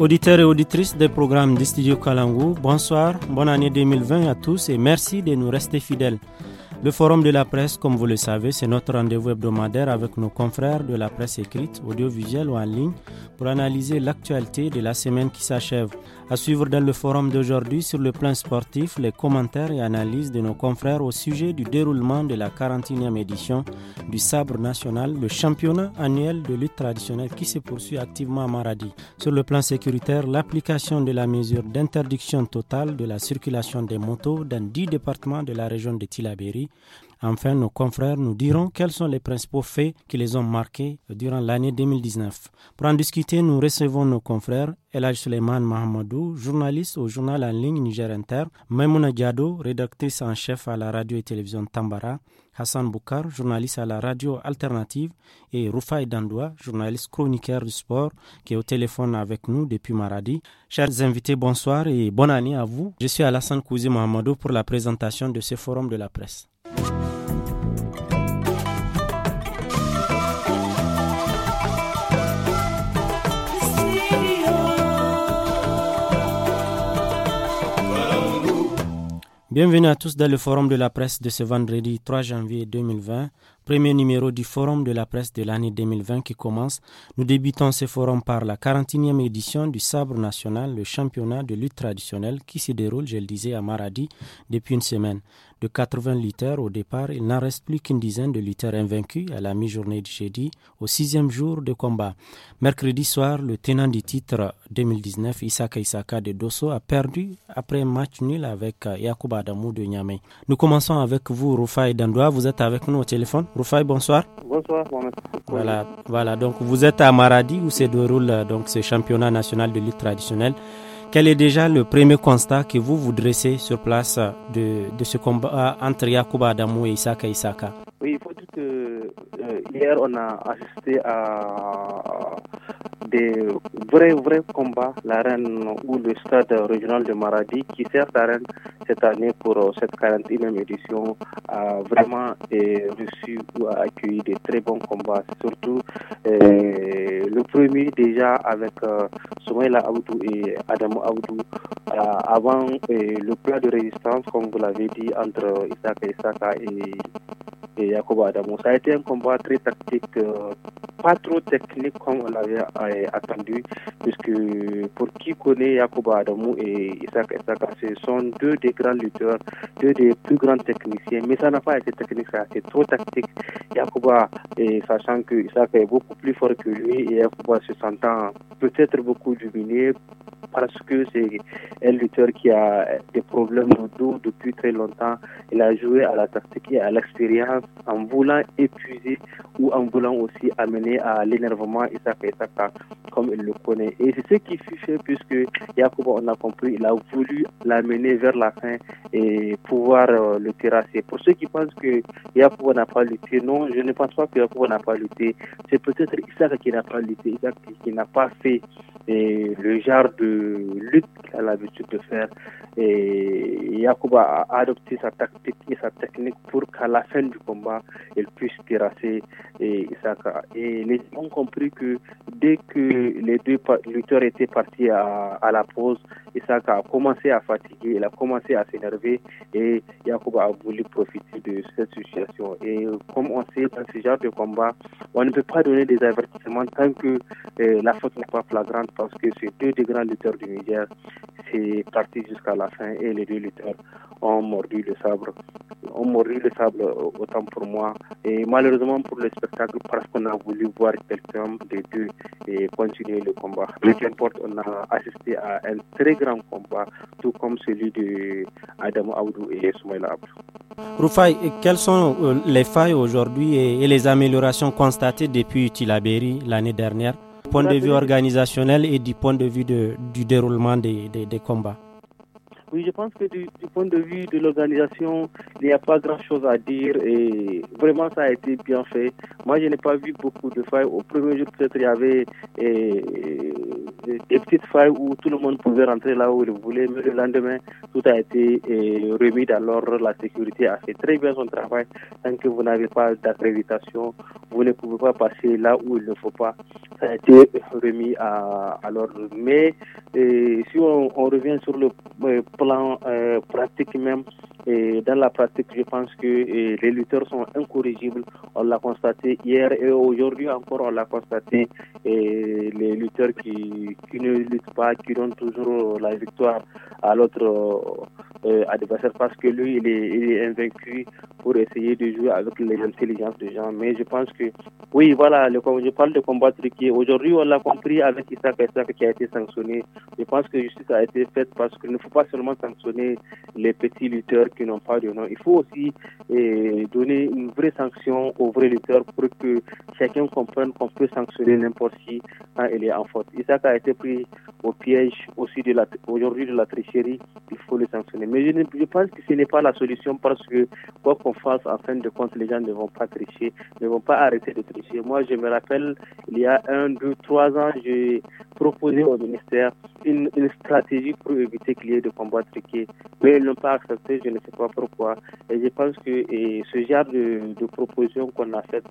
Auditeurs et auditrices des programmes du Studio Kalangu, bonsoir, bonne année 2020 à tous et merci de nous rester fidèles. Le Forum de la presse, comme vous le savez, c'est notre rendez-vous hebdomadaire avec nos confrères de la presse écrite, audiovisuelle ou en ligne pour analyser l'actualité de la semaine qui s'achève. À suivre dans le forum d'aujourd'hui sur le plan sportif, les commentaires et analyses de nos confrères au sujet du déroulement de la 41e édition du Sabre national, le championnat annuel de lutte traditionnelle qui se poursuit activement à Maradi. Sur le plan sécuritaire, l'application de la mesure d'interdiction totale de la circulation des motos dans 10 départements de la région de Tilabéry Enfin, nos confrères nous diront quels sont les principaux faits qui les ont marqués durant l'année 2019. Pour en discuter, nous recevons nos confrères Elaj Suleiman Mahamadou, journaliste au journal en ligne Niger Inter, Maimouna Diado, rédactrice en chef à la radio et télévision Tambara, Hassan Boukar, journaliste à la radio alternative, et Rufai Dandoua, journaliste chroniqueur du sport, qui est au téléphone avec nous depuis Maradi. Chers invités, bonsoir et bonne année à vous. Je suis Alassane Kouzi Mohamedou pour la présentation de ce forum de la presse. Bienvenue à tous dans le forum de la presse de ce vendredi 3 janvier 2020, premier numéro du forum de la presse de l'année 2020 qui commence. Nous débutons ce forum par la 41e édition du Sabre national, le championnat de lutte traditionnelle qui se déroule, je le disais, à Maradi depuis une semaine de 80 lutteurs au départ, il n'en reste plus qu'une dizaine de lutteurs invaincus à la mi-journée du jeudi, au sixième jour de combat. Mercredi soir, le tenant du titre 2019, Isaka Isaka de Dosso, a perdu après un match nul avec euh, Yakuba Adamou de Niamey. Nous commençons avec vous, Rufai Dandoa. Vous êtes avec nous au téléphone. Rufai, bonsoir. Bonsoir, Voilà, voilà, donc vous êtes à Maradi où se déroule euh, donc, ce championnat national de lutte traditionnelle. Quel est déjà le premier constat que vous vous dressez sur place de, ce combat entre Yakuba Adamou et Isaka Isaka oui, il faut dire que euh, hier on a assisté à des vrais vrais combats, l'arène ou le stade régional de Maradi qui sert d'arène cette année pour euh, cette 41e édition a vraiment reçu ou a accueilli des très bons combats, surtout euh, le premier déjà avec euh, Soumaïla Aoudou et Adamo Aoudou avant le plat de résistance comme vous l'avez dit entre Isaka Isaka et E, ça a été un combat très tactique, euh, pas trop technique comme on l'avait euh, attendu, puisque pour qui connaît Yacouba Adamo et Isaac Essaka, ce sont deux des grands lutteurs, deux des plus grands techniciens, mais ça n'a pas été technique, ça a été trop tactique. Yacouba, sachant que Isaac est beaucoup plus fort que lui, et Yacouba se sentant peut-être beaucoup dominé, parce que c'est un lutteur qui a des problèmes de dos depuis très longtemps. Il a joué à la tactique et à l'expérience en voulant épuiser ou en voulant aussi amener à l'énervement et Isaka comme il le connaît. Et c'est ce qui fut fait puisque Yacoub, on a compris, il a voulu l'amener vers la fin et pouvoir euh, le terrasser. Pour ceux qui pensent que Yacoub n'a pas lutté, non, je ne pense pas que Yacoub n'a pas lutté. C'est peut-être Isaac qui n'a pas lutté, Isaac qui n'a pas fait et le genre de lutte qu'elle a l'habitude de faire. Et Yacouba a adopté sa tactique et sa technique pour qu'à la fin du combat, elle puisse terrasser et Isaka. Et les ont compris que dès que les deux lutteurs étaient partis à la pause, ça a commencé à fatiguer, il a commencé à s'énerver et Yacouba a voulu profiter de cette situation. Et comme on sait, dans ce genre de combat, on ne peut pas donner des avertissements tant que euh, la faute n'est pas flagrante parce que ces deux des grands lutteurs du Niger, c'est parti jusqu'à la fin et les deux lutteurs ont mordu le sabre, ont mordu le sabre autant pour moi et malheureusement pour le spectacle parce qu'on a voulu voir quelqu'un des deux et continuer le combat. Mais mm. importe on a assisté à un très grand combat, tout comme celui de Adam Aoudou et Soumaïla Abdou. quelles sont euh, les failles aujourd'hui et les améliorations constatées depuis Tilaberi l'année dernière, du point de vue organisationnel et du point de vue du déroulement des combats oui, je pense que du, point de vue de l'organisation, il n'y a pas grand-chose à dire et vraiment ça a été bien fait. Moi, je n'ai pas vu beaucoup de failles. Au premier jour, peut-être, il y avait eh, des petites failles où tout le monde pouvait rentrer là où il voulait, mais le lendemain, tout a été eh, remis dans l'ordre. La sécurité a fait très bien son travail. Tant que vous n'avez pas d'accréditation, vous ne pouvez pas passer là où il ne faut pas. Ça a été remis à, l'ordre. Mais eh, si on, revient sur le plan euh, pratique même, et dans la pratique, je pense que euh, les lutteurs sont incorrigibles. On l'a constaté hier et aujourd'hui encore, on l'a constaté. Et les lutteurs qui, ne luttent pas, qui donnent toujours la victoire à l'autre. Euh, euh, adversaire parce que lui, il est, invaincu pour essayer de jouer avec l'intelligence des gens. Mais je pense que, oui, voilà, le, je parle de combat truqué. Aujourd'hui, on l'a compris avec Isaac Isaac qui a été sanctionné. Je pense que justice a été faite parce qu'il ne faut pas seulement sanctionner les petits lutteurs qui n'ont pas de nom. Il faut aussi euh, donner une vraie sanction aux vrais lutteurs pour que chacun comprenne qu'on peut sanctionner n'importe qui quand il est en faute. Isaac a été pris au piège aussi de la, aujourd'hui de la tricherie. Il faut le sanctionner. Mais je, pense que ce n'est pas la solution parce que, quoi qu'on fasse, en fin de compte, les gens ne vont pas tricher, ne vont pas arrêter de tricher. Moi, je me rappelle, il y a un, deux, trois ans, j'ai proposé au ministère une, stratégie pour éviter qu'il y ait de combats triqués, Mais ils n'ont pas accepté, je ne sais pas pourquoi. Et je pense que ce genre de, propositions qu'on a faites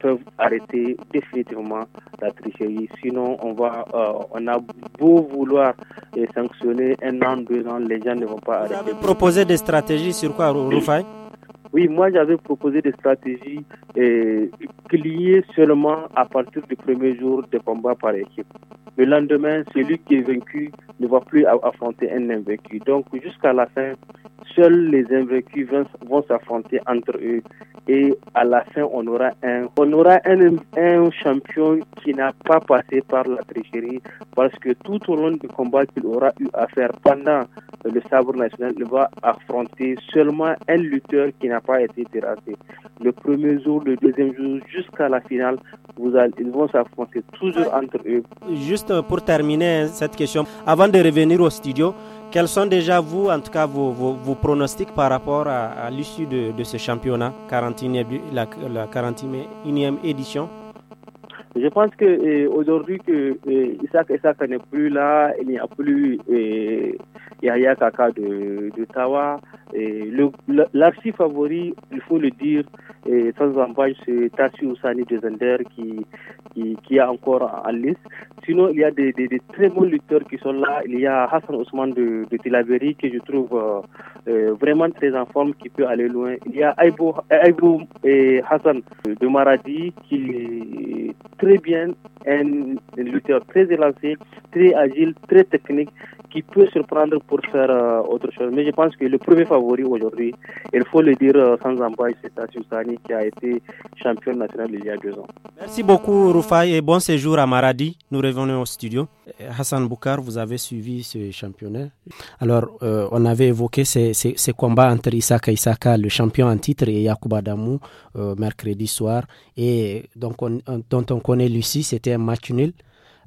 peuvent arrêter définitivement la tricherie. Sinon, on, va, euh, on a beau vouloir euh, sanctionner un an, deux ans, les gens ne vont pas vous avez proposé des stratégies sur quoi, Rufai oui, moi j'avais proposé des stratégies qui liées seulement à partir du premier jour de combat par équipe. Le lendemain, celui qui est vaincu ne va plus affronter un invaincu. Donc jusqu'à la fin, Seuls les invaincus vont s'affronter entre eux et à la fin on aura un on aura un, champion qui n'a pas passé par la tricherie parce que tout au long du combat qu'il aura eu à faire pendant le sabre national il va affronter seulement un lutteur qui n'a pas été terrassé le premier jour le deuxième jour jusqu'à la finale vous ils vont s'affronter toujours entre eux juste pour terminer cette question avant de revenir au studio quels sont déjà vous, en tout cas, vos, pronostics par rapport à, l'issue de, ce championnat, la, 41e édition Je pense qu'aujourd'hui, eh, aujourd'hui que eh, Isaac, n'est plus là, il n'y a plus eh, Yaya Kaka de, de Tawa. L'archi favori, il faut le dire, et sans envoyer c'est Tassi Oussani de Zender qui, qui, qui est encore en liste. Sinon, il y a des, très bons lutteurs qui sont là. Il y a Hassan Ousmane de, de qui que je trouve euh, euh, vraiment très en forme, qui peut aller loin. Il y a Aibo, et Hassan de Maradi qui est très bien, un lutteur très élancé, très agile, très technique qui peut surprendre pour faire euh, autre chose. Mais je pense que le premier favori aujourd'hui, il faut le dire euh, sans embâche, c'est Sani qui a été champion national il y a deux ans. Merci beaucoup Rufai et bon séjour à Maradi. Nous revenons au studio. Eh, Hassan Boukar, vous avez suivi ce championnat. Alors, euh, on avait évoqué ces, ces, combats entre Isaka Isaka, le champion en titre, et Yakuba Damou mercredi soir. Et donc, dont on connaît Lucie, c'était un match nul.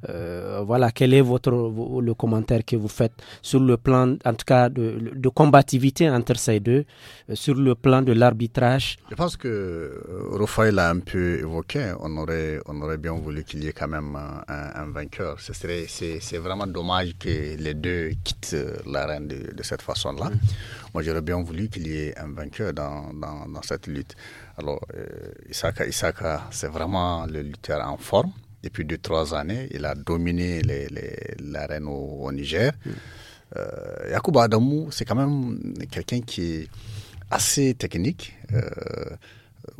Euh, voilà, quel est votre, le commentaire que vous faites sur le plan, en tout cas, de, de combativité entre ces deux, euh, sur le plan de l'arbitrage Je pense que euh, Rafael a un peu évoqué. On aurait, on aurait bien voulu qu'il y ait quand même un, vainqueur. Ce serait, c'est, vraiment dommage que les deux quittent l'arène de, de cette façon-là. Mm. Moi, j'aurais bien voulu qu'il y ait un vainqueur dans, dans, dans cette lutte. Alors, Isaka, Isaka c'est vraiment le lutteur en forme depuis deux trois années. Il a dominé l'arène au, au, Niger. Mm. Euh, Adamou, c'est quand même quelqu'un qui est assez technique. Euh,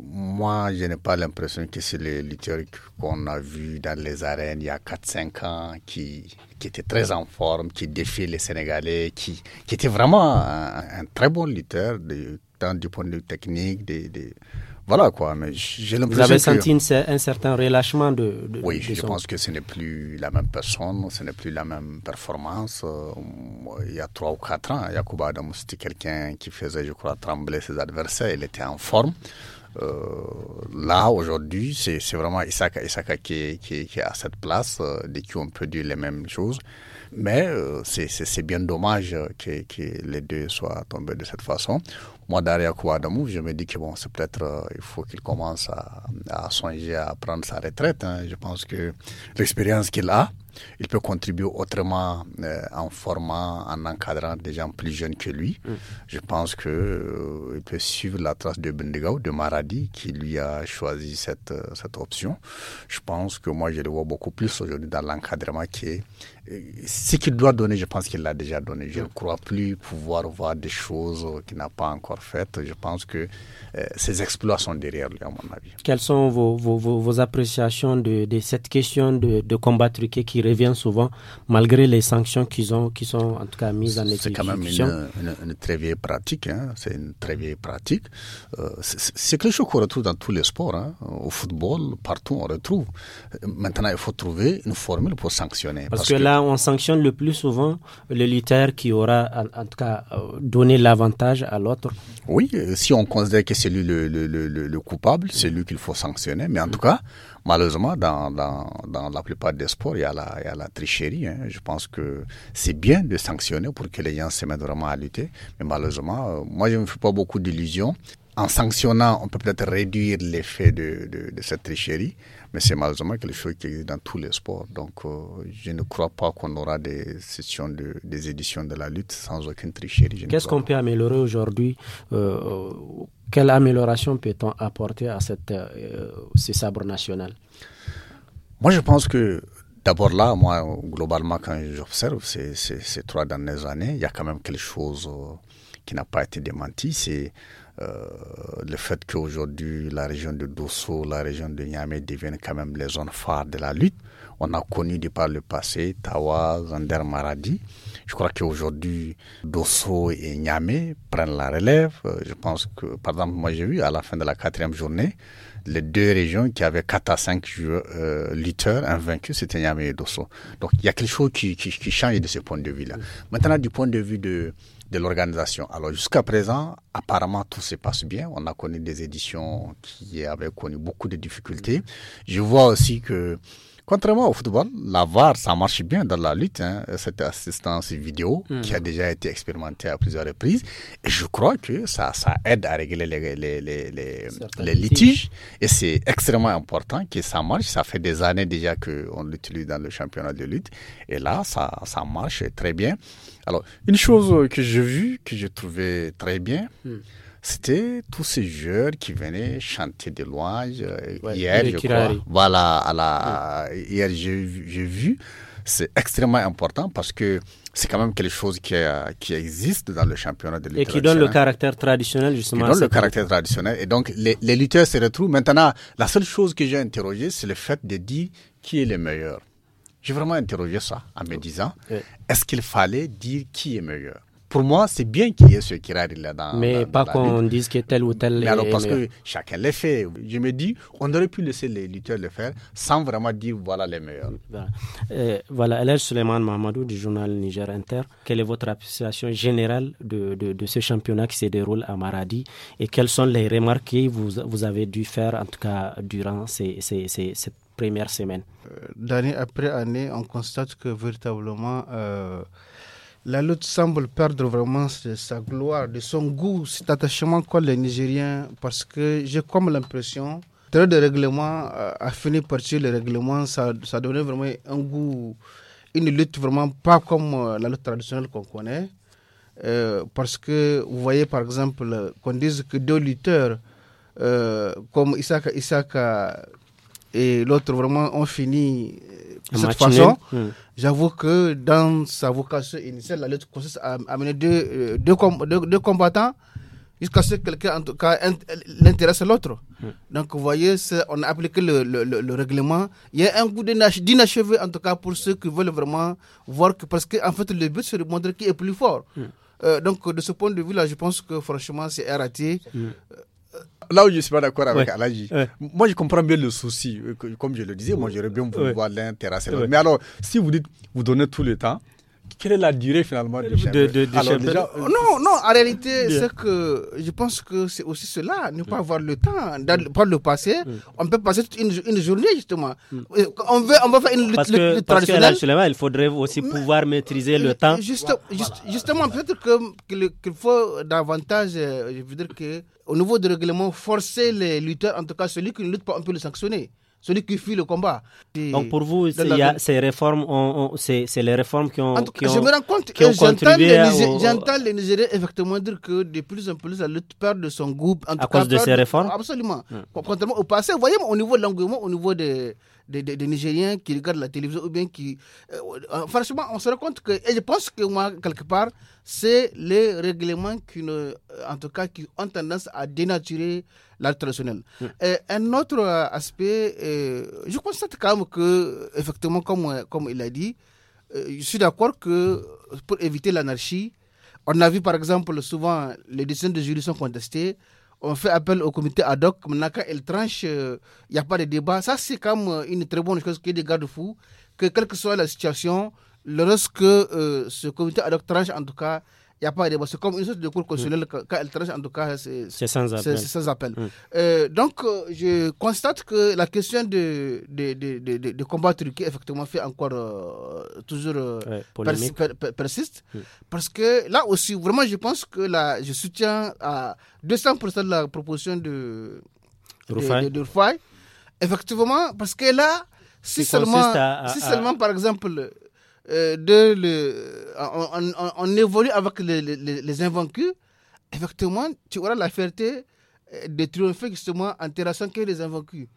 moi, je n'ai pas l'impression que c'est le lutteur qu'on a vu dans les arènes il y a 4-5 ans, qui, qui était très en forme, qui défiait les Sénégalais, qui, qui était vraiment un, très bon lutteur, de, tant du point de vue technique, des voilà quoi, mais j'ai l'impression. Vous avez senti un certain relâchement de. oui, je pense que ce n'est plus la même personne, ce n'est plus la même performance. Euh, il y a trois ou quatre ans, Yakuba Adam, c'était quelqu'un qui faisait, je crois, trembler ses adversaires. Il était en forme. Euh, là, aujourd'hui, c'est vraiment Isaka, Isaka qui, qui, qui est à cette place, euh, dès qu'on peut dire les mêmes choses. Mais euh, c'est bien dommage euh, que, que, les deux soient tombés de cette façon. Moi, derrière Kouadamou, je me dis que bon, c'est peut-être euh, il faut qu'il commence à, à, songer à prendre sa retraite. Hein. Je pense que l'expérience qu'il a, il peut contribuer autrement euh, en formant, en encadrant des gens plus jeunes que lui. Mm. Je pense que il peut suivre la trace de Bendigao, de Maradi, qui lui a choisi cette, cette option. Je pense que moi, je le vois beaucoup plus aujourd'hui dans l'encadrement qui est ce qu'il doit donner, je pense qu'il l'a déjà donné. Je ne crois plus pouvoir voir des choses qu'il n'a pas encore faites. Je pense que ses euh, exploits sont derrière lui, à mon avis. Quelles sont vos, vos, vos appréciations de, cette question de, de combat truqué qui revient souvent, malgré les sanctions qu'ils ont, qui sont en tout cas mises en exécution C'est quand même une, très vieille pratique. Hein? C'est une très vieille pratique. Euh, c'est quelque chose qu'on retrouve dans tous les sports. Hein? Au football, partout, on retrouve. Maintenant, il faut trouver une formule pour sanctionner. Parce, que, que là, on sanctionne le plus souvent le lutteur qui aura, en, tout cas, euh, donné l'avantage à l'autre. Oui, euh, si on considère que c'est lui le, coupable, c'est lui qu'il faut sanctionner. Mais en tout cas, malheureusement, dans, la plupart des sports, il y a la, tricherie. Hein. Je pense que c'est bien de sanctionner pour que les gens se mettent vraiment à lutter. Mais malheureusement, euh, moi, je ne me fais pas beaucoup d'illusions en sanctionnant, on peut peut-être réduire l'effet de, cette tricherie, mais c'est malheureusement quelque chose qui existe dans tous les sports. Donc, euh, je ne crois pas qu'on aura des sessions, de, des éditions de la lutte sans aucune tricherie. Qu'est-ce qu'on peut améliorer aujourd'hui euh, euh, Quelle amélioration peut-on apporter à cette, ces ce sabre national Moi, je pense que D'abord là, moi, globalement, quand j'observe ces, ces, ces, trois dernières années, il y a quand même quelque chose qui n'a pas été démenti. C'est euh, le fait qu'aujourd'hui la région de Dosso, la région de Niamey deviennent quand même les zones phares de la lutte. On a connu de par le passé Tawa, Zander, Maradi. Je crois qu'aujourd'hui Dosso et Niamey prennent la relève. Euh, je pense que, par exemple, moi j'ai vu à la fin de la quatrième journée, les deux régions qui avaient 4 à 5 euh, lutteurs invaincus, c'était Niamey et Dosso. Donc il y a quelque chose qui, qui, qui change de ce point de vue-là. Maintenant, du point de vue de, de l'organisation. Alors jusqu'à présent, apparemment tout se passe bien. On a connu des éditions qui avaient connu beaucoup de difficultés. Je vois aussi que Contrairement au football, la VAR, ça marche bien dans la lutte, hein. cette assistance vidéo hmm. qui a déjà été expérimentée à plusieurs reprises. Et je crois que ça, ça aide à régler les, les, les, litiges. Et c'est extrêmement important que ça marche. Ça fait des années déjà qu'on l'utilise dans le championnat de lutte. Et là, ça, ça marche très bien. Alors, une chose que j'ai vue, que j'ai trouvée très bien, hmm c'était tous ces jeunes qui venaient chanter des louanges. Euh, hier, je crois. Voilà, à euh, hier, j'ai vu. C'est extrêmement important parce que c'est quand même quelque chose qui, euh, qui existe dans le championnat de lutte. Et qui donne le hein. caractère traditionnel, justement. Qui donne le caractère traditionnel. Et donc, les, les lutteurs se retrouvent. Maintenant, la seule chose que j'ai interrogée, c'est le fait de dire qui est le meilleur. J'ai vraiment interrogé ça en me disant, est-ce qu'il fallait dire qui est meilleur pour moi, c'est bien qu'il y ait ce kirari-là dans Mais pas qu'on dise que tel ou tel... est alors, parce que chacun l'est fait. Je me dis, on aurait pu laisser les lutteurs le faire sans vraiment dire voilà les meilleurs. Voilà, euh, voilà Mamadou du journal Niger Inter. Quelle est votre appréciation générale de, de, ce championnat qui se déroule à Maradi et quelles sont les remarques que vous, vous avez dû faire, en tout cas, durant cette première semaine euh, D'année après année, on constate que véritablement... Euh, la lutte semble perdre vraiment sa gloire, de son goût, cet attachement qu'ont les Nigériens, parce que j'ai comme l'impression que de règlement euh, a fini par tuer le règlement, ça, ça donnait vraiment un goût, une lutte vraiment pas comme euh, la lutte traditionnelle qu'on connaît. Euh, parce que vous voyez par exemple qu'on dise que deux lutteurs comme Isaka, et l'autre vraiment ont fini de cette façon. Hmm. J'avoue que dans sa vocation initiale, la lutte consiste à amener deux, euh, deux, combattants jusqu'à ce que quelqu'un, en tout cas, l'intéresse l'autre. Hmm. Donc, vous voyez, on a appliqué le, le, règlement. Il y a un goût d'inachevé, en tout cas, pour ceux qui veulent vraiment voir que, parce qu'en en fait, le but, c'est de montrer qui est plus fort. Hmm. Euh, donc, de ce point de vue-là, je pense que, franchement, c'est raté. Hmm. Euh, là où je ne suis pas d'accord avec ouais. moi je comprends bien le souci. Euh, comme je le disais, moi mm. j'aurais bien voulu voir l'intérêt Mais alors, si vous dites, vous donnez tout le temps, quelle est la durée finalement du de, de, déjà, euh, Non, non, en réalité, c'est que je pense que c'est aussi cela, ne pas avoir le temps. ne par le passé, on peut passer une, une journée justement. On, on va faire une lutte, parce que, parce il faudrait aussi pouvoir maîtriser le temps. Juste, justement, peut-être qu'il faut davantage, euh, je veux dire que au niveau du règlement, forcer les lutteurs, en tout cas celui qui ne lutte pas, on peut le sanctionner celui qui fuit le combat. Donc pour vous, ces réformes, c'est les réformes qui ont, en cas, qui ont, je me rends compte, j'entends les, J'entends Nigériens effectivement dire que de plus en plus la lutte perd de son groupe. En à cause de ces réformes Absolument. Hmm. Contrairement au passé, vous voyez, au niveau de l'engouement, au niveau de des, Nigériens qui regardent la télévision ou bien qui. Euh, euh, franchement, on se rend compte que. Et je pense que moi, quelque part, c'est les règlements qui, euh, en tout cas, qui ont tendance à dénaturer l'art traditionnel. un autre aspect, je constate quand même que, effectivement, comme, comme il a dit, je suis d'accord que pour éviter l'anarchie, on a vu par exemple souvent les décisions de jury sont contestées on fait appel au comité ad hoc. Maintenant, quand il tranche, il euh, n'y a pas de débat. Ça, c'est comme euh, une très bonne chose qui est des garde-fous, que quelle que soit la situation, lorsque que euh, ce comité ad hoc tranche, en tout cas, n'y a pas de débat. C'est comme une sorte de cours constitutionnel. Mm. quand elle tranche, en tout cas, c'est sans appel. Sans mm. euh, donc, euh, je constate que la question de, de, de, de, de combat effectivement, fait encore euh, toujours persiste. Mm. Parce que là aussi, vraiment, je pense que là, je soutiens à 200% la proposition de, Rufai. de, Effectivement, parce que là, si seulement, si seulement, par exemple, euh, de le, euh, on, on, évolue avec les, les, invaincus, effectivement, tu auras la fierté euh, de triompher justement en terrassant que les invaincus.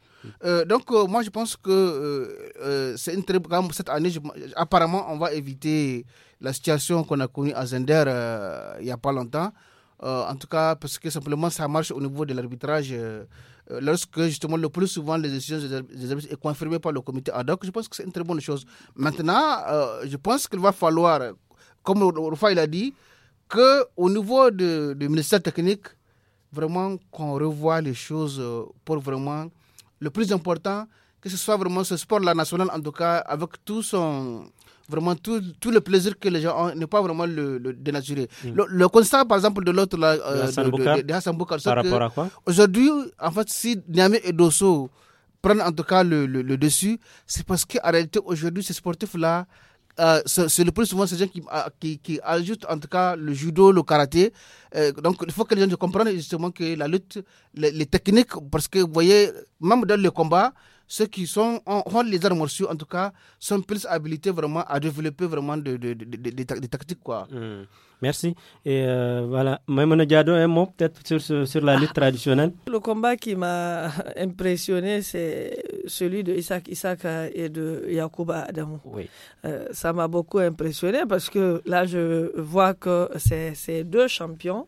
donc, moi, je pense que c'est une très grande. Cette année, apparemment, on va éviter la situation qu'on a connue à Zender il n'y a pas longtemps. en tout cas, parce que simplement, ça marche au niveau de l'arbitrage. Euh, lorsque justement le plus souvent les décisions des services est confirmées par le comité ad hoc, je pense que c'est une très bonne chose. Maintenant, euh, je pense qu'il va falloir, comme Rufa l'a a dit, qu'au niveau du ministère technique, vraiment qu'on revoie les choses euh, pour vraiment. Le plus important, que ce soit vraiment ce sport-là national, en tout cas, avec tout son. Vraiment, tout, tout le plaisir que les gens ont n'est pas vraiment le, dénaturer mm. Le, constat, par exemple, de l'autre, euh, de, Hassan Boukar, Aujourd'hui, en fait, si Niamey et Dosso prennent en tout cas le, le dessus, c'est parce qu'en réalité, aujourd'hui, ces sportifs-là, euh, c'est le plus souvent ces gens ah, qui, qui, ajoutent en tout cas le judo, le karaté. Euh, donc il faut que les gens comprennent justement que la lutte, les, les, techniques, parce que vous voyez, même dans le combat, ceux qui sont, ont, les armes morceaux, en tout cas, sont plus habilités vraiment à développer vraiment des de, de, tactiques. Quoi. Hmm. Merci. Et euh, voilà, Diado, un mot peut-être sur, sur, la lutte traditionnelle Le combat qui m'a impressionné, c'est celui de Isaac Isaac et de Yacouba Adam. Oui. Euh, ça m'a beaucoup impressionné parce que là, je vois que c'est deux champions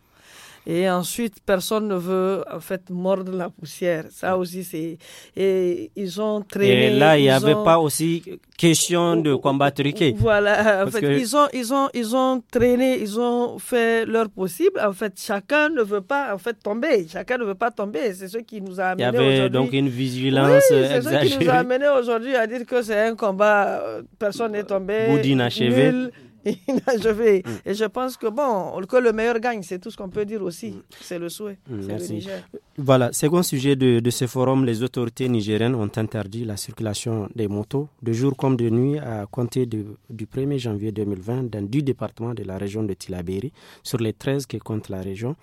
et ensuite, personne ne veut en fait mordre la poussière. Ça aussi, c'est. Et ils ont traîné. Et là, il n'y avait pas aussi question de combat Voilà, en fait, ils, ont, ils, ont, ils ont traîné, ils ont fait leur possible. En fait, chacun ne veut pas en fait tomber. Chacun ne veut pas tomber. C'est ce qui nous a amené aujourd'hui. Il y avait donc une vigilance oui, C'est ce qui nous a amené aujourd'hui à dire que c'est un combat. Euh, personne n'est euh, tombé. Boudin achevé. Nul. je vais. Mm. Et je pense que, bon, que le meilleur gagne, c'est tout ce qu'on peut dire aussi. Mm. C'est le souhait. Mm, merci. Euh, voilà, second sujet de, ce forum, les autorités nigériennes ont interdit la circulation des motos de jour comme de nuit à compter du 1er janvier 2020 dans du département de la région de Tilaberi sur les 13 qui compte la région.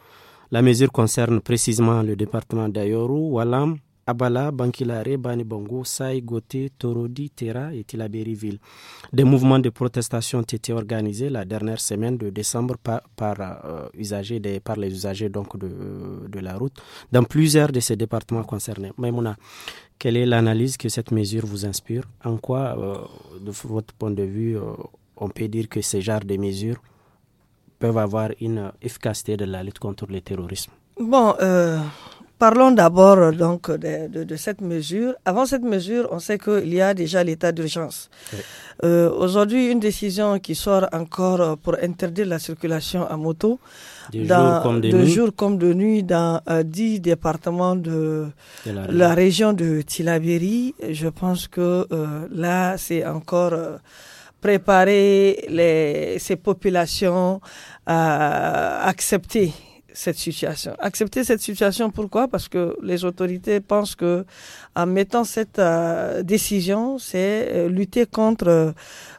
La mesure concerne précisément le département d'Ayoru, Walam, Abala, Bankilare, Banibongo, Sai, Goté, Torodi, Tera et tilaberi Des mouvements de protestation ont été organisés la dernière semaine de décembre par, euh, les usagers donc euh, de, la route dans plusieurs de ces départements concernés. Maimouna, quelle est l'analyse que cette mesure vous inspire En quoi, euh, de votre point de vue, on peut dire que ces genres de mesures peuvent avoir une efficacité de la lutte contre le terrorisme Bon, Parlons d'abord euh, donc de, cette mesure. Avant cette mesure, on sait qu'il y a déjà l'état d'urgence. Euh, aujourd'hui, une décision qui sort encore pour interdire la circulation à moto de, jour, comme de comme de nuit dans euh, dix départements de, la, région de Tilaberi. Je pense que là, c'est encore préparer les, ces populations à accepter cette situation. Accepter cette situation, pourquoi Parce que les autorités pensent que en mettant cette euh, décision, c'est euh, lutter contre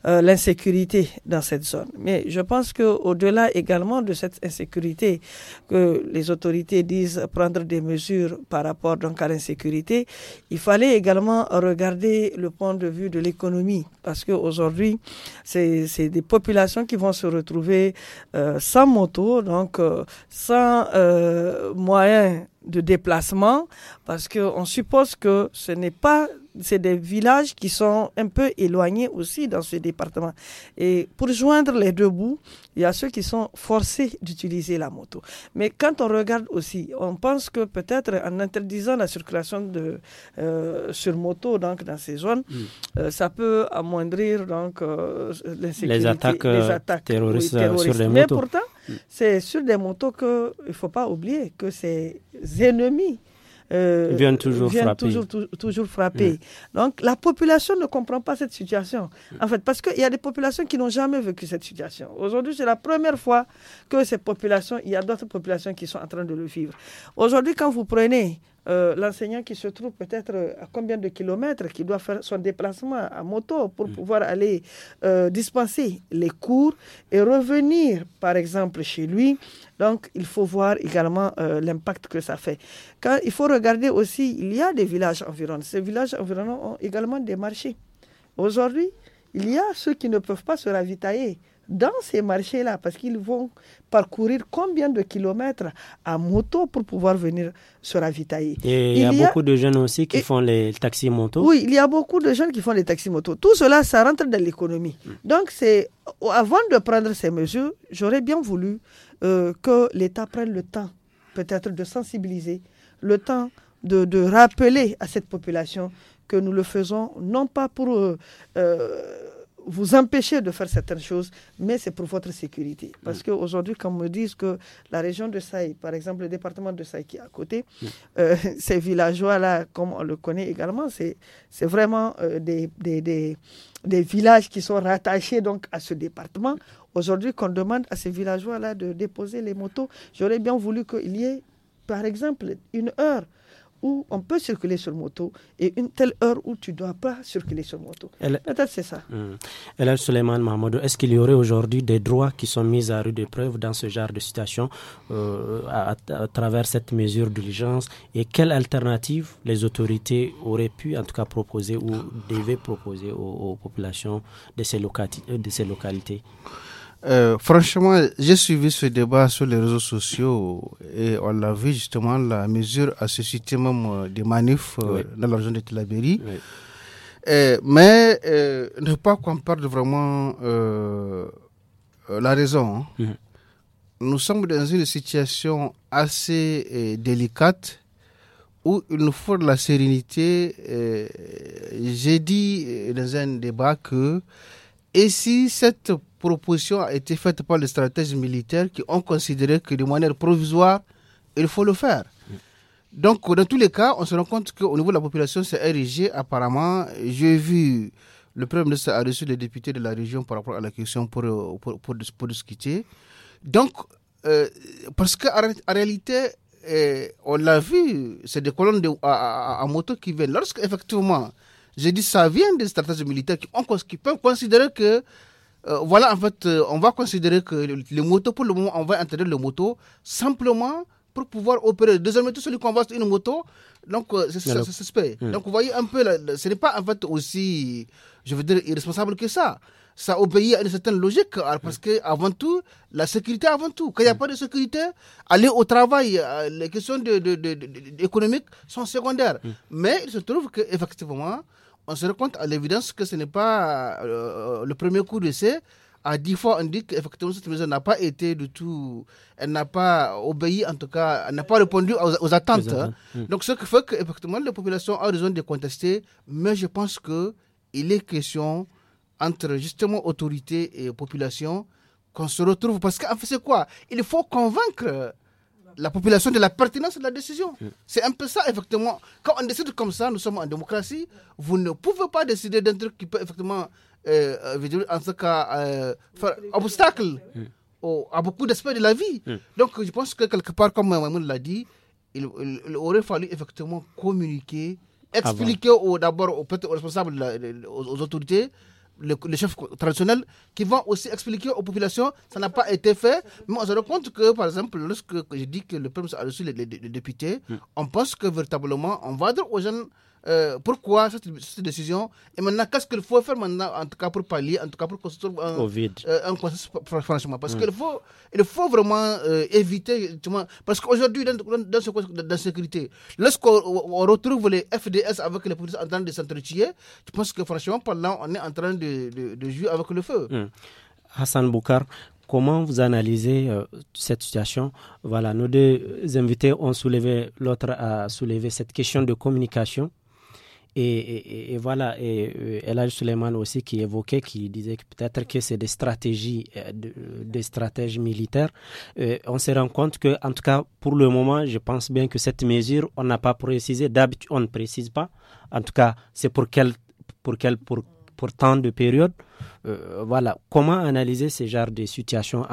euh, l'insécurité dans cette zone. Mais je pense que au-delà également de cette insécurité, que les autorités disent prendre des mesures par rapport donc à l'insécurité, il fallait également regarder le point de vue de l'économie, parce qu'aujourd'hui, c'est des populations qui vont se retrouver sans moto, donc sans euh, moyen de déplacement parce qu'on suppose que ce n'est pas c'est des villages qui sont un peu éloignés aussi dans ce département. Et pour joindre les deux bouts, il y a ceux qui sont forcés d'utiliser la moto. Mais quand on regarde aussi, on pense que peut-être en interdisant la circulation de, euh, sur moto donc, dans ces zones, hmm. euh, ça peut amoindrir donc, euh, les attaques, terroristes, sur les motos. Mais pourtant, hmm. c'est sur des motos qu'il ne faut pas oublier que ces ennemis euh, viennent toujours frapper. Toujours, Donc la population ne comprend pas cette situation. En fait, parce qu'il y a des populations qui n'ont jamais vécu cette situation. Aujourd'hui, c'est la première fois que ces populations, il y a d'autres populations qui sont en train de le vivre. Aujourd'hui, quand vous prenez euh, l'enseignant qui se trouve peut-être euh, à combien de kilomètres, qui doit faire son déplacement à moto pour mm. pouvoir aller euh, dispenser les cours et revenir, par exemple, chez lui. Donc, il faut voir également l'impact que ça fait. il faut regarder aussi, il y a des villages environnants. Ces villages environnants ont également des marchés. Aujourd'hui, il y a ceux qui ne peuvent pas se ravitailler dans ces marchés-là, parce qu'ils vont parcourir combien de kilomètres à moto pour pouvoir venir se ravitailler. Et il y a, beaucoup de jeunes aussi qui font les taxis motos. Oui, il y a beaucoup de jeunes qui font les taxis motos. Tout cela, ça rentre dans l'économie. Hmm. Donc, c'est avant de prendre ces mesures, j'aurais bien voulu euh, que l'État prenne le temps, peut-être, de sensibiliser, le temps de, rappeler à cette population que nous le faisons non pas pour euh, euh, vous empêcher de faire certaines choses, mais c'est pour votre sécurité. Parce mm. qu'aujourd'hui, quand on me dit que la région de Saï, par exemple, le département de Saï qui est à côté, mm. euh, ces villageois-là, comme on le connaît également, c'est vraiment euh, des, des, des, villages qui sont rattachés donc à ce département. Aujourd'hui, qu'on demande à ces villageois-là de déposer les motos, j'aurais bien voulu qu'il y ait, par exemple, une heure où on peut circuler sur moto et une telle heure où tu ne dois pas circuler sur moto. c'est ça. Hmm. El Suleiman Mahmoud, est-ce qu'il y aurait aujourd'hui des droits qui sont mis à rude épreuve dans ce genre de situation euh, à, travers cette mesure d'urgence et quelle alternative les autorités auraient pu en tout cas proposer ou devaient proposer aux, populations de ces, euh, de ces localités euh, franchement, j'ai suivi ce débat sur les réseaux sociaux et on l'a vu justement, la mesure a suscité même euh, des manifs euh, dans la région de Tilaberi. mais ne pas qu'on parle vraiment la raison. Hein. Mm-hmm. Nous sommes dans une situation assez délicate où il nous faut de la sérénité. J'ai dit dans un débat que et si cette proposition a été faite par les stratèges militaires qui ont considéré que de manière provisoire, il faut le faire. Donc, dans tous les cas, on se rend compte qu'au niveau de la population, c'est érigé. Apparemment, j'ai vu le Premier ministre a reçu les députés de la région par rapport à la question pour, pour, discuter. Donc, euh, parce qu'en réalité, eh, on l'a vu, c'est des colonnes de, à, moto qui viennent. Lorsque, effectivement, j'ai dit ça vient des stratégies militaires qui, ont, qui peuvent considérer que euh, voilà, en fait, euh, on va considérer que les motos, pour le moment, on va interdire les motos simplement pour pouvoir opérer. Deuxièmement, tout celui qui envoie une moto, donc euh, c'est suspect. Hmm. Donc vous voyez un peu, ce n'est pas en fait aussi, je veux dire, irresponsable que ça. Ça obéit à une certaine logique, parce hmm. que avant tout, la sécurité avant tout. Quand il n'y a hmm. pas de sécurité, aller au travail, les questions de, de, économiques sont secondaires. Mais il se trouve qu'effectivement, effectivement on se rend compte à l'évidence que ce n'est pas euh, le premier coup d'essai. À dix fois, on dit qu'effectivement, cette maison n'a pas été du tout. Elle n'a pas obéi, en tout cas, elle n'a pas répondu aux, attentes. Hein. Hmm. Donc, ce qui fait qu'effectivement, la population a raison de contester, mais je pense qu'il est question entre justement autorité et population qu'on se retrouve. Parce qu'en fait, c'est quoi Il faut convaincre la population de la pertinence de la décision. C'est un peu ça, effectivement. Quand on décide comme ça, nous sommes en démocratie, vous ne pouvez pas décider d'un truc qui peut, effectivement, euh, euh, en ce cas, euh, faire obstacle à beaucoup d'aspects de la vie. Donc, je pense que quelque part, comme Mamoun l'a dit, il, aurait fallu effectivement communiquer, expliquer d'abord aux, responsables, aux autorités, les chefs traditionnels qui vont aussi expliquer aux populations ça n'a pas été fait. Mais on se rend compte que, par exemple, lorsque je dis que le peuple a reçu les, députés, hmm. on pense que véritablement, on va dire aux jeunes euh, pourquoi cette, décision Et maintenant, qu'est-ce qu'il faut faire maintenant, en tout cas pour pallier, en tout cas pour construire un, euh, un consensus, franchement Parce mm. qu'il faut, il faut vraiment euh, éviter, parce qu'aujourd'hui, dans, dans, ce contexte d'insécurité, lorsqu'on retrouve les FDS avec les policiers en train de s'entretuer, je pense que franchement, parlant, on est en train de, de, jouer avec le feu. Mm. Hassan Boukar, comment vous analysez euh, cette situation Voilà, nos deux invités ont soulevé, l'autre a soulevé cette question de communication et, et, voilà, et euh, là, Suleiman aussi qui évoquait, qui disait que peut-être que c'est des stratégies, euh, des stratégies militaires. Euh, on se rend compte que, en tout cas, pour le moment, je pense bien que cette mesure, on n'a pas précisé. D'habitude, on ne précise pas. En tout cas, c'est pour qu'elle... pour quel, pour pour tant de périodes. Euh, voilà, comment analyser ces genre de situation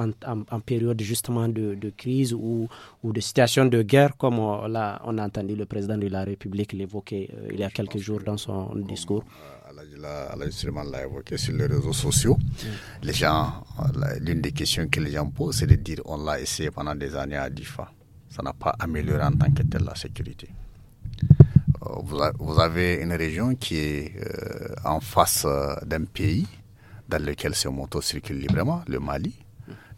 en, période justement de, crise ou, ou, de situation de guerre, comme on, là, on a entendu le président de la République l'évoquer euh, il y a quelques jours dans son discours euh, Alain l'a évoqué sur les réseaux sociaux. Mm. Les gens, l'une des questions que les gens posent, c'est de dire on l'a essayé pendant des années à DIFA. Ça n'a pas amélioré en tant que tel la sécurité. Euh, vous, avez une région qui est euh, en face euh, d'un pays dans lequel ces motos circulent librement, le Mali.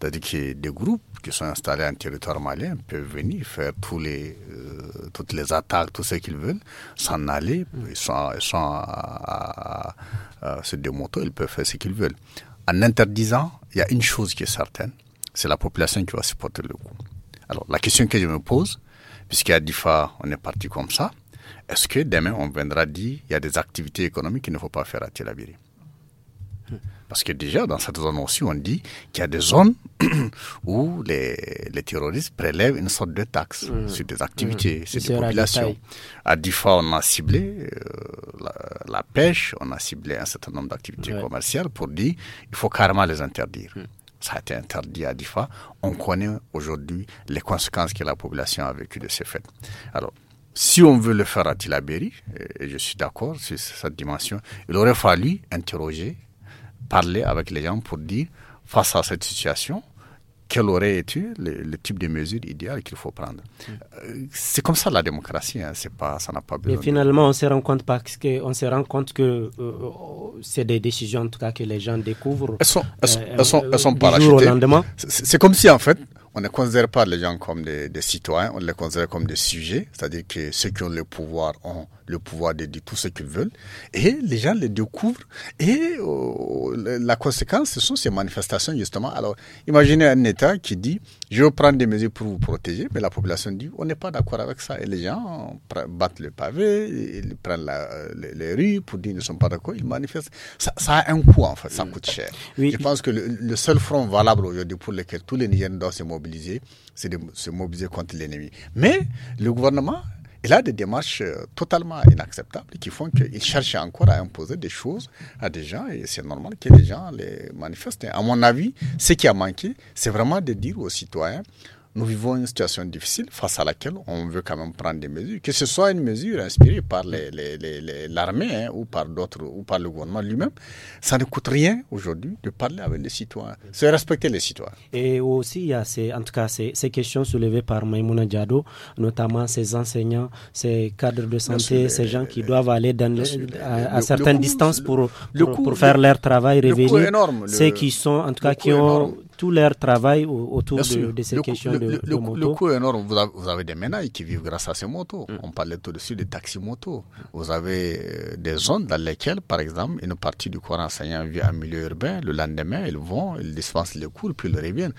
C'est-à-dire que des groupes qui sont installés en territoire malien peuvent venir faire tous les, toutes les attaques, tout ce qu'ils veulent, s'en aller. Ils sont, ils à, motos, ils peuvent faire ce qu'ils veulent. En interdisant, il y a une chose qui est certaine, c'est la population qui va supporter le coup. Alors la question que je me pose, puisqu'à DIFA, on est parti comme ça, est-ce que demain, on viendra dire il y a des activités économiques qu'il ne faut pas faire à Tel Aviv parce que déjà, dans cette zone aussi, on dit qu'il y a des zones où les, les, terroristes prélèvent une sorte de taxe mmh. sur des activités, mmh. sur des populations. À dix fois, on a ciblé euh, la, pêche, on a ciblé un certain nombre d'activités commerciales pour dire il faut carrément les interdire. Mmh. Ça a été interdit à dix fois. On connaît aujourd'hui les conséquences que la population a vécues de ces faits. Alors, si on veut le faire à Tilaberi, et euh, je suis d'accord sur cette dimension, il aurait fallu interroger, parler avec les gens pour dire, face à cette situation, quel aurait été le, type de mesures idéales qu'il faut prendre. Euh, c'est comme ça la démocratie, hein, c'est pas, ça n'a pas besoin. Mais finalement, on se rend compte parce que on se rend compte que euh, c'est des décisions en tout cas que les gens découvrent. Elles sont, elles sont, sont, C'est comme si en fait on ne considère pas les gens comme des, citoyens, on les considère comme des sujets, c'est-à-dire que ceux qui ont le pouvoir ont le pouvoir de dire tout ce qu'ils veulent, et les gens les découvrent, et euh, la conséquence, ce sont ces manifestations, justement. Alors, imaginez un État qui dit, je vais prendre des mesures pour vous protéger, mais la population dit, on n'est pas d'accord avec ça, et les gens battent le pavé, ils prennent euh, les, rues pour dire, ils ne sont pas d'accord, ils manifestent. Ça, a un coût, en fait, ça coûte cher. Je pense que le, seul front valable aujourd'hui pour lequel tous les Nigériens dans ces mobiles c'est de se mobiliser contre l'ennemi. Mais le gouvernement, il a des démarches euh, totalement inacceptables qui font qu'il cherche encore à imposer des choses à des gens et c'est normal que les gens les manifestent. À mon avis, ce qui a manqué, c'est vraiment de dire aux citoyens, nous vivons une situation difficile face à laquelle on veut quand même prendre des mesures, que ce soit une mesure inspirée par l'armée les, hein, ou par d'autres ou par le gouvernement lui-même, ça ne coûte rien aujourd'hui de parler avec les citoyens, c'est respecter les citoyens. Et aussi, il y a ces, en tout cas ces, ces questions soulevées par Maïmouna Diado, notamment ces enseignants, ces cadres de santé, ces gens qui doivent aller dans à, certaines distances pour, faire leur travail, revenir, ceux qui sont en tout cas qui ont tout leur travail autour de, ces questions de, le, moto. le coût est énorme. Vous avez, des ménages qui vivent grâce à ces motos. Mm. On parlait tout de suite des taxis-motos. Vous avez euh, des zones dans lesquelles, par exemple, une partie du corps enseignant vit en milieu urbain. Le lendemain, ils vont, ils dispensent les cours, puis ils reviennent.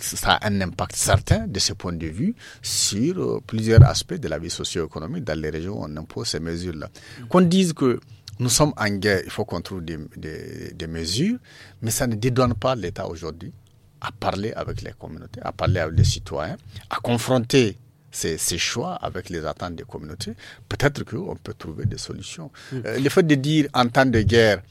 Ça a un impact certain de ce point de vue sur euh, plusieurs aspects de la vie socio-économique dans les régions où on impose ces mesures-là. Mm. Qu'on dise que nous sommes en guerre, il faut qu'on trouve des, des, des, mesures, mais ça ne dédonne pas l'État aujourd'hui à parler avec les communautés, à parler avec les citoyens, à confronter ces, choix avec les attentes des communautés, peut-être qu'on peut trouver des solutions. Euh, le fait de dire en temps de guerre,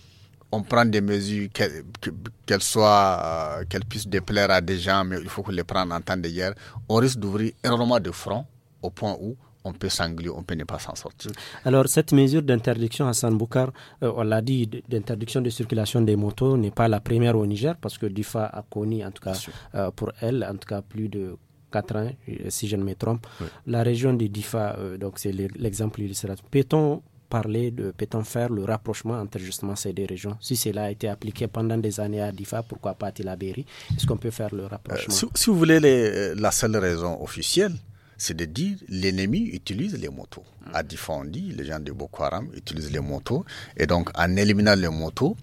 on prend des mesures, qu'elles soient, euh, qu'elles puissent déplaire à des gens, mais il faut qu'on les prenne en temps de guerre, on risque d'ouvrir énormément de fronts au point où on peut s'engluer, on peut ne pas s'en sortir. Alors, cette mesure d'interdiction, à Boukar, euh, on l'a dit, d'interdiction de circulation des motos n'est pas la première au Niger, parce que DIFA a connu, en tout cas, euh, pour elle, en tout cas, plus de 4 ans, euh, si je ne me trompe. La région de DIFA, donc c'est l'exemple illustratif. Peut-on parler de, peut-on faire le rapprochement entre justement ces deux régions Si cela a été appliqué pendant des années à DIFA, pourquoi pas à Tilaberi Est-ce qu'on peut faire le rapprochement si, vous voulez les, la seule raison officielle, c'est de dire l'ennemi utilise les motos. À que les gens de Boko Haram utilisent les motos. Et donc, en éliminant les motos,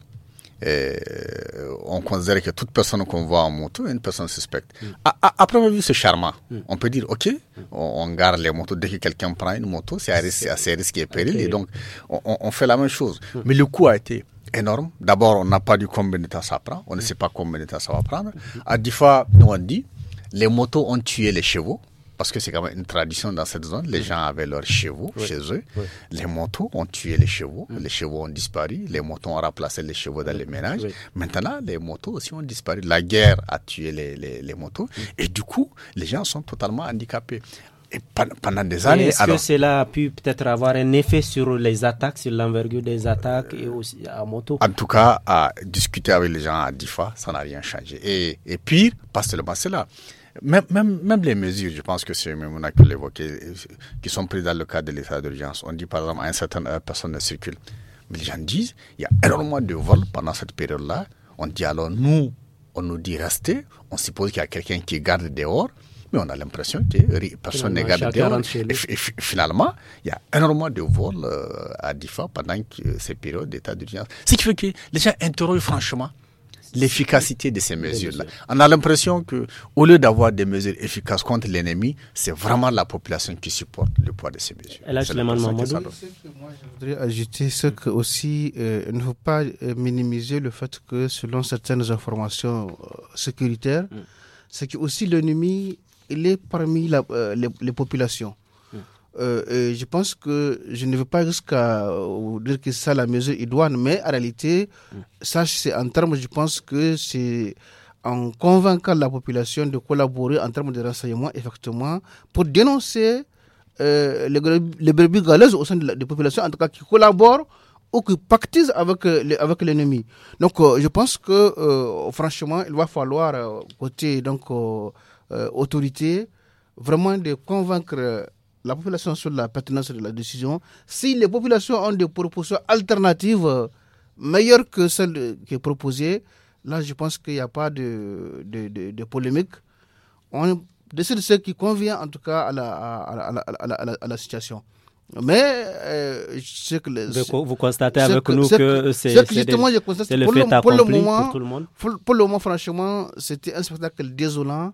euh, on considère que toute personne qu'on voit en moto est une personne suspecte. après mm. À, première vue, c'est charmant. Mm. On peut dire, OK, on, garde les motos. Dès que quelqu'un prend une moto, c'est à, risqué et périlleux Et donc, on, fait la même chose. Mm. Mais le coût a été énorme. D'abord, on n'a pas dit combien de temps ça prend. On ne sait pas combien de temps ça va prendre. À Difa, nous, on dit, les motos ont tué les chevaux parce que c'est quand même une tradition dans cette zone, les gens avaient leurs chevaux chez eux. Les motos ont tué les chevaux, mm. les chevaux ont disparu, les motos ont remplacé les chevaux dans les ménages. Maintenant, les motos aussi ont disparu. La guerre a tué les, les, motos. Mm. Et du coup, les gens sont totalement handicapés. Et pendant des années. Est-ce que cela a pu peut-être avoir un effet sur les attaques, sur l'envergure des attaques et euh, aussi à moto En tout cas, à discuter avec les gens à DIFA, ça n'a rien changé. Et, et pire, pas seulement cela. Même, même, les mesures, je pense que c'est Mémouna qui l'évoquait, qui sont prises dans le cadre de l'état d'urgence. On dit par exemple, à un certain heure, personne ne circule. Mais les gens disent, il y a énormément de vols pendant cette période-là. On dit alors, nous, on nous dit rester. On suppose qu'il y a quelqu'un qui garde dehors. Mais on a l'impression que personne ne garde dehors. Et, finalement, il y a énormément de vols euh, à Difa pendant euh, ces périodes d'état d'urgence. Ce qui fait que les gens interrogent franchement l'efficacité de ces mesures-là. On a l'impression que, au lieu d'avoir des mesures efficaces contre l'ennemi, c'est vraiment la population qui supporte le poids de ces mesures. moi, je voudrais ajouter ce que aussi, euh, ne faut pas euh, minimiser le fait que, selon certaines informations euh, sécuritaires, mm. c'est que aussi l'ennemi, il est parmi les populations. Euh, je pense que je ne veux pas jusqu'à euh, dire que c'est ça la mesure idoine, mais en réalité, mm. ça, c'est en termes, je pense que c'est en convaincant la population de collaborer en termes de renseignement, effectivement, pour dénoncer les, euh, les brebis galeuses au sein de la population, en tout cas, qui collaborent ou qui pactisent avec, avec l'ennemi. Donc, je pense que, franchement, il va falloir, côté donc, autorité, vraiment de convaincre la population sur la pertinence de la décision, si les populations ont des propositions alternatives meilleures que celles qui est proposée, là je pense qu'il n'y a pas de, de, de, polémique. On décide ce qui convient en tout cas à la, à à situation. Mais je euh, sais que les, vous constatez avec nous que c'est justement fait je constate pour, le, pour, le monde pour, le moment franchement c'était un spectacle désolant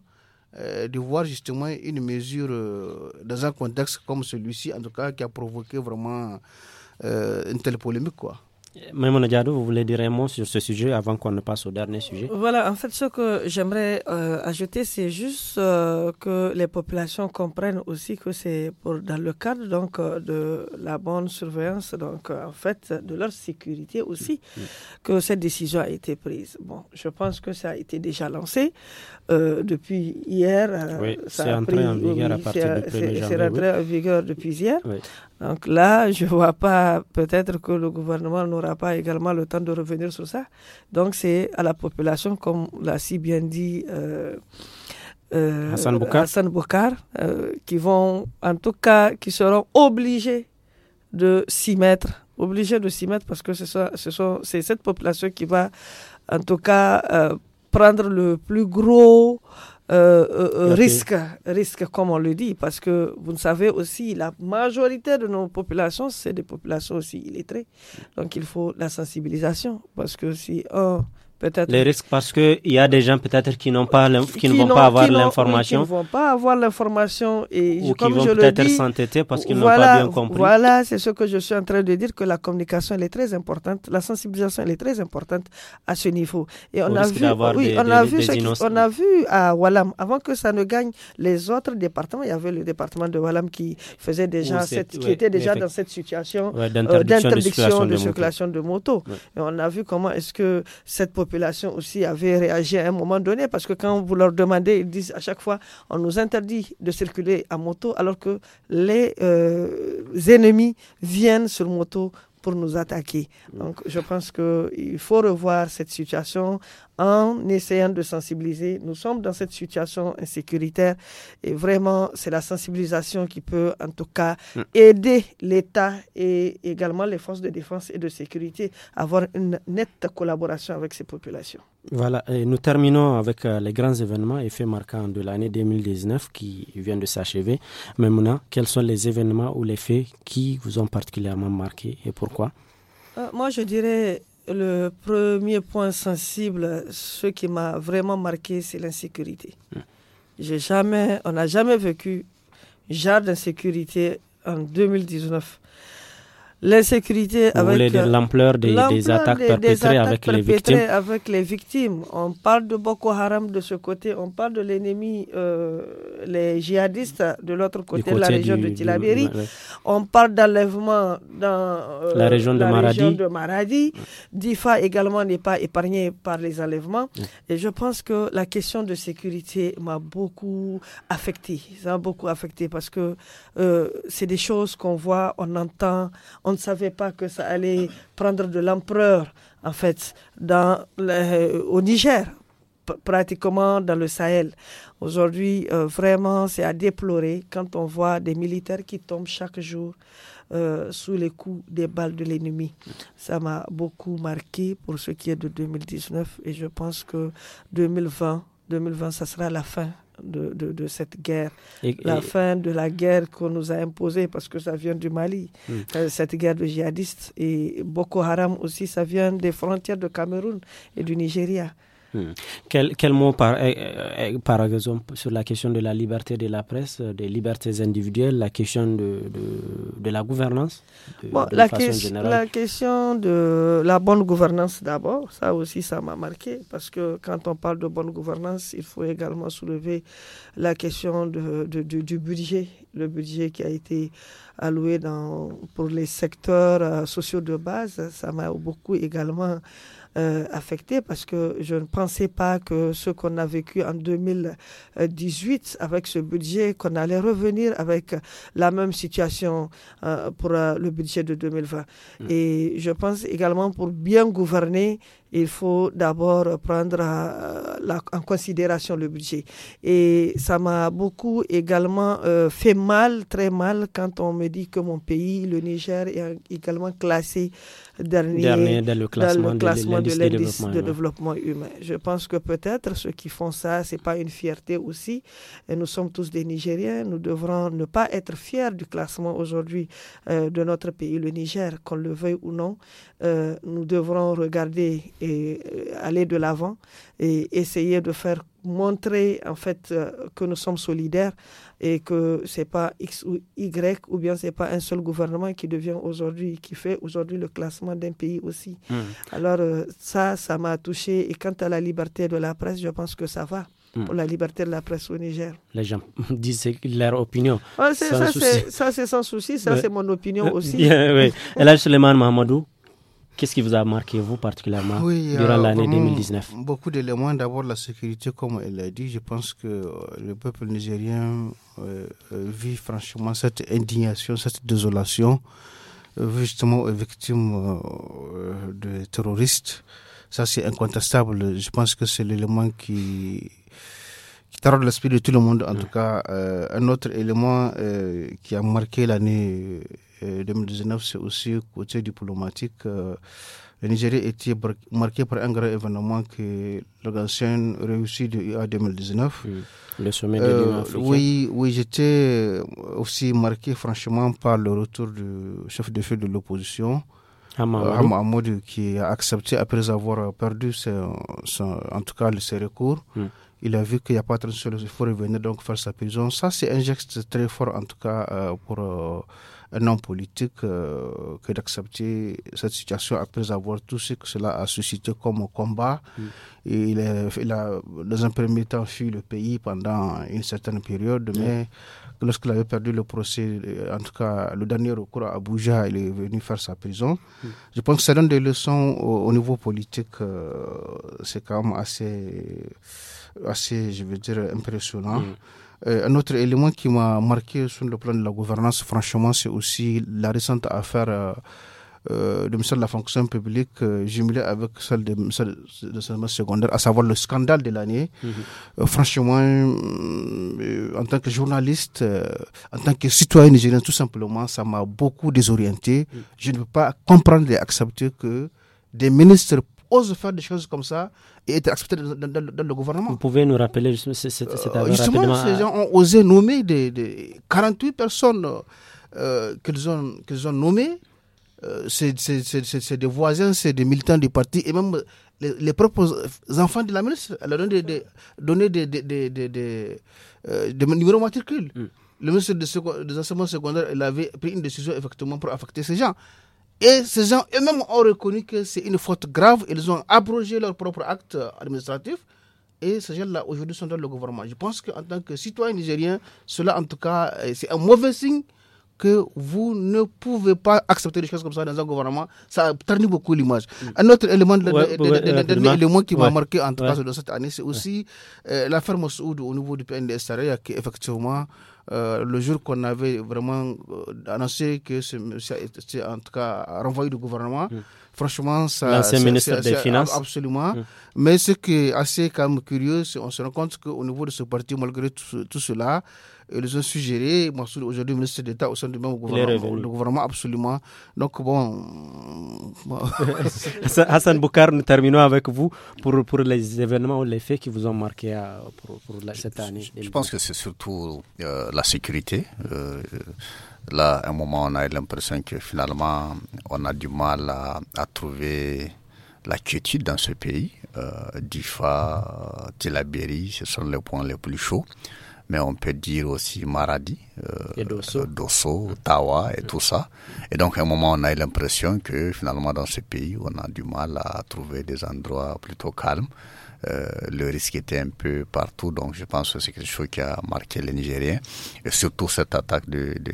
euh, de voir justement une mesure euh, dans un contexte comme celui-ci, en tout cas, qui a provoqué vraiment euh, une telle polémique. Quoi. Mme Diado, vous voulez dire un mot sur ce sujet avant qu'on ne passe au dernier sujet Voilà, en fait, ce que j'aimerais euh, ajouter, c'est juste euh, que les populations comprennent aussi que c'est pour, dans le cadre donc, euh, de la bonne surveillance, donc en fait, de leur sécurité aussi, que cette décision a été prise. Bon, je pense que ça a été déjà lancé depuis hier. Oui, c'est entré en vigueur à C'est en vigueur depuis hier. Oui. Donc là, je ne vois pas, peut-être que le gouvernement n'aura pas également le temps de revenir sur ça. Donc c'est à la population, comme l'a si bien dit euh, euh, Hassan Boukar, euh, qui vont, en tout cas, qui seront obligés de s'y mettre, obligés de s'y mettre parce que ce c'est cette population qui va, en tout cas, prendre le plus gros euh, euh, euh, risque, risque, comme on le dit, parce que vous savez aussi, la majorité de nos populations, c'est des populations aussi illettrées. Donc il faut la sensibilisation, parce que si les risques parce qu'il y a des gens peut-être qui n'ont pas qui, ne vont pas avoir l'information. Qui ne vont pas avoir l'information et ou qui vont peut-être s'entêter parce qu'ils n'ont pas bien compris. Voilà, c'est ce que je suis en train de dire que la communication elle est très importante, la sensibilisation elle est très importante à ce niveau. Et on a vu, oui, on a vu, on a vu à Walam avant que ça ne gagne les autres départements. Il y avait le département de Walam qui faisait déjà cette, qui était déjà dans cette situation euh, d'interdiction de, circulation de, moto. Et on a vu comment est-ce que cette population population aussi avait réagi à un moment donné, parce que quand vous leur demandez, ils disent à chaque fois, on nous interdit de circuler à moto, alors que les euh, ennemis viennent sur moto pour nous attaquer. Mm. Donc je pense qu'il faut revoir cette situation en essayant de sensibiliser. Nous sommes dans cette situation insécuritaire et vraiment, c'est la sensibilisation qui peut en tout cas mm. aider l'État et également les forces de défense et de sécurité à avoir une nette collaboration avec ces populations. Voilà, et nous terminons avec euh, les grands événements et faits marquants de l'année 2019 qui vient de s'achever. Memouna, quels sont les événements ou les faits qui vous ont particulièrement marqué et pourquoi euh, Moi, je dirais le premier point sensible, ce qui m'a vraiment marqué, c'est l'insécurité. Hmm. J'ai jamais, on n'a jamais vécu genre d'insécurité en 2019. L'insécurité avec euh, l'ampleur des, des, attaques perpétrées, avec, les avec, les victimes. On parle de Boko Haram de ce côté, on parle de l'ennemi, euh, les djihadistes de l'autre côté, de la région de Tilaberi. On parle d'enlèvement dans euh, la région de Maradi. Difa également n'est pas épargné par les enlèvements. Mm. Et je pense que la question de sécurité m'a beaucoup affecté. Ça m'a beaucoup affecté parce que c'est des choses qu'on voit, on entend. On on ne savait pas que ça allait prendre de l'ampleur, en fait, dans euh, au Niger, pratiquement dans le Sahel. Aujourd'hui, euh, vraiment, c'est à déplorer quand on voit des militaires qui tombent chaque jour euh, sous les coups des balles de l'ennemi. Ça m'a beaucoup marqué pour ce qui est de 2019 et je pense que 2020, 2020, ça sera la fin de, cette guerre, la fin de la guerre qu'on nous a imposée parce que ça vient du Mali, mm. euh, cette guerre de djihadistes et Boko Haram aussi, ça vient des frontières de Cameroun et du Nigeria. Hmm. Quel, quel, mot, par, eh, eh, eh, par, exemple, sur la question de la liberté de la presse, euh, des libertés individuelles, la question de, de, la gouvernance de, la, la, question de la bonne gouvernance d'abord, ça aussi, ça m'a marqué, parce que quand on parle de bonne gouvernance, il faut également soulever la question du budget, le budget qui a été alloué dans, pour les secteurs euh, sociaux de base. Ça m'a beaucoup également euh, affecté parce que je ne pensais pas que ce qu'on a vécu en 2018 avec ce budget, qu'on allait revenir avec la même situation euh, pour euh, le budget de 2020. Mm. Et je pense également pour bien gouverner, il faut d'abord prendre euh, en considération le budget. Et ça m'a beaucoup également euh, fait mal, très mal, quand on me dit que mon pays, le Niger, est également classé dernier, dans le classement, de l'indice de, développement humain. Je pense que peut-être ceux qui font ça, ce n'est pas une fierté aussi. Et nous sommes tous des Nigériens, nous devrons ne pas être fiers du classement aujourd'hui euh, de notre pays, le Niger, qu'on le veuille ou non. nous devrons regarder et euh, aller de l'avant et essayer de faire montrer en fait euh, que nous sommes solidaires et que c'est pas X ou Y ou bien c'est pas un seul gouvernement qui devient aujourd'hui qui fait aujourd'hui le classement d'un pays aussi. Mmh. Alors euh, ça ça m'a touché et quant à la liberté de la presse, je pense que ça va mmh. pour la liberté de la presse au Niger. Les gens disent leur opinion. ça, c'est sans souci, ça, c'est mon opinion aussi. yeah, oui. Et là, Suleiman Mahamadou, Qu'est-ce qui vous a marqué, vous, particulièrement, durant euh, l'année 2019 Beaucoup d'éléments. D'abord, la sécurité, comme elle l'a dit. Je pense que euh, le peuple nigérien euh, vit franchement cette indignation, cette désolation, justement aux victimes de terroristes. Ça, c'est incontestable. Je pense que c'est l'élément qui, qui l'esprit de tout le monde. En tout cas, un autre élément qui a marqué l'année 2019, euh, c'est aussi côté diplomatique. Euh, le Nigeria était marqué par un grand événement que l'organisation réussit à 2019. Le sommet de euh, l'Union Oui, oui j'étais aussi marqué franchement par le retour du chef de file de l'opposition. Hamadou qui a accepté après avoir perdu en tout cas ses recours. Il a vu qu'il n'y a pas de transition, il faut revenir donc faire sa prison. Ça, c'est un geste très fort en tout cas pour un homme politique euh, que d'accepter cette situation après avoir tout ce que cela a suscité comme combat. Mm. Et il, a, dans un premier temps, fui le pays pendant une certaine période, mm. mais lorsqu'il avait perdu le procès, euh, en tout cas le dernier recours à Abuja, il est venu faire sa prison. Mm. Je pense que ça donne des leçons au, niveau politique. Euh, c'est quand même assez, assez, je veux dire, impressionnant. Euh, un autre élément qui m'a marqué sur le plan de la gouvernance, franchement, c'est aussi la récente affaire euh, euh du ministère de la fonction publique euh, jumelée avec celle de, celle de secondaire, à savoir le scandale de l'année. Mhm. franchement, en tant que journaliste, en tant que citoyen nigérien, tout simplement, ça m'a beaucoup désorienté. Mhm. Je ne peux pas comprendre et accepter que des ministres osent faire des choses comme ça et être acceptés dans, le gouvernement. Vous pouvez nous rappeler euh, justement cette justement ces gens ont osé nommer des, des 48 personnes euh, qu'ils ont, qu'ils ont nommées. Euh, c'est des voisins, c'est des militants du parti et même les, propres enfants de la ministre. Elle a donné des, des, des numéros matricules. Hmm. Le ministre de, des enseignements secondaires il avait pris une décision effectivement pour affecter ces gens. Et ces gens eux-mêmes ont reconnu que c'est une faute grave. Ils ont abrogé leur propre acte administratif. Et ces gens-là, aujourd'hui, sont dans le gouvernement. Je pense qu'en tant que citoyen nigérien, cela, en tout cas, euh, c'est un mauvais signe que vous ne pouvez pas accepter des choses comme ça dans un gouvernement. Ça ternit beaucoup l'image. Mm. Un autre élément, de, élément qui m'a marqué en tout cas de cette année, c'est aussi euh, l'affaire Mossoud au niveau du PNDSR, qui effectivement euh, le jour qu'on avait vraiment euh, annoncé que c'est en tout cas renvoyé du gouvernement. Mm. Franchement, ça. L'ancien ministre des Finances. Absolument. Mm. Mais ce qui est assez quand même curieux, c'est on se rend compte qu'au niveau de ce parti, malgré tout cela, ils ont suggéré, Moi, aujourd'hui, ministre d'État au sein du même gouvernement, le gouvernement absolument. Donc, bon. Hassan Boukar, nous terminons avec vous pour, pour les événements ou les faits qui vous ont marqué euh, pour, cette année. Je, pense que c'est surtout euh, la sécurité. Euh, là, à un moment, on a l'impression que finalement, on a du mal à, trouver la quiétude dans ce pays. Difa, ce sont les points les plus chauds mais on peut dire aussi Maradi, euh, Dosso. Tawa et mm. tout ça. Et donc à un moment, on a eu l'impression que finalement dans ce pays, on a du mal à trouver des endroits plutôt calmes. Euh, le risque était un peu partout, donc je pense que c'est quelque chose qui a marqué les Nigériens, et surtout cette attaque de, de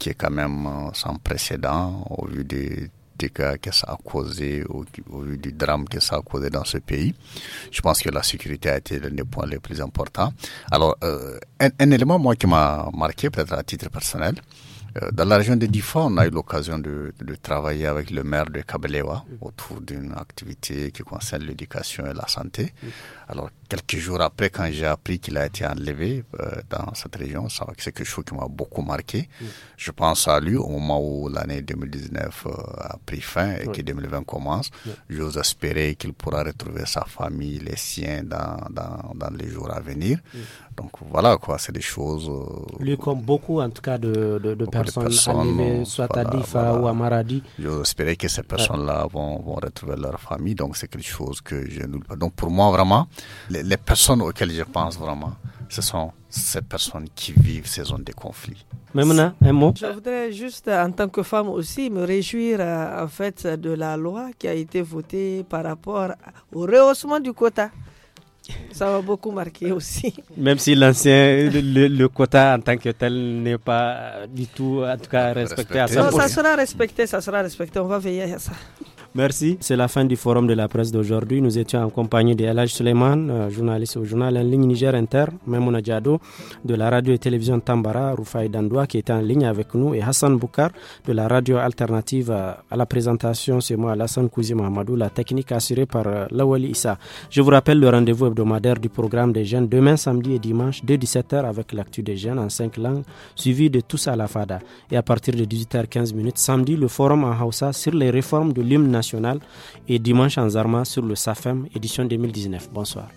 qui est quand même euh, sans précédent au vu des que ça a causé, ou du drame que ça a causé dans ce pays. Je pense que la sécurité a été l'un des points les plus importants. Alors, euh, un, élément, moi, qui m'a marqué, peut-être à titre personnel, euh, dans la région de Difa, on a eu l'occasion de, de, travailler avec le maire de Kabelewa autour d'une activité qui concerne l'éducation et la santé. Alors, quelques jours après, quand j'ai appris qu'il a été enlevé euh, dans cette région, c'est quelque chose qui m'a beaucoup marqué. Mm. Je pense à lui au moment où l'année 2019 euh, a pris fin et que 2020 commence. J'ose espérer qu'il pourra retrouver sa famille, les siens dans, les jours à venir. Mm. Donc voilà, quoi, c'est des choses. Euh, lui, comme beaucoup, en tout cas, de, personnes, soit à Difa ou à Maradi. J'ose espérer que ces personnes-là vont, vont retrouver leur famille. Donc c'est quelque chose que je n'oublie pas. Donc pour moi, vraiment, les, personnes auxquelles je pense vraiment, ce sont ces personnes qui vivent ces zones de conflit. maintenant un mot Je voudrais juste, en tant que femme aussi, me réjouir euh, en fait de la loi qui a été votée par rapport au rehaussement du quota. Ça m'a beaucoup marqué euh, aussi. Même si l'ancien, le, quota en tant que tel n'est pas du tout, en tout cas, respecté, Non, ça sera respecté, ça sera respecté. On va veiller à ça. Merci. C'est la fin du forum de la presse d'aujourd'hui. Nous étions en compagnie de Elaj Suleiman, euh, journaliste au journal en ligne Niger Inter, Memouna Diado de la radio et télévision Tambara, Rufai Dandoua qui était en ligne avec nous et Hassan Boukar de la radio alternative euh, à la présentation. C'est moi, Hassan Kouzi Amadou, la technique assurée par euh, Lawali Issa. Je vous rappelle le rendez-vous hebdomadaire du programme des jeunes demain samedi et dimanche de 17h avec l'actu des jeunes en cinq langues suivi de tous à la FADA. Et à partir de 18h15 samedi, le forum en Hausa sur les réformes de l'hymne national et dimanche en Zarma sur le SAFEM édition 2019. Bonsoir.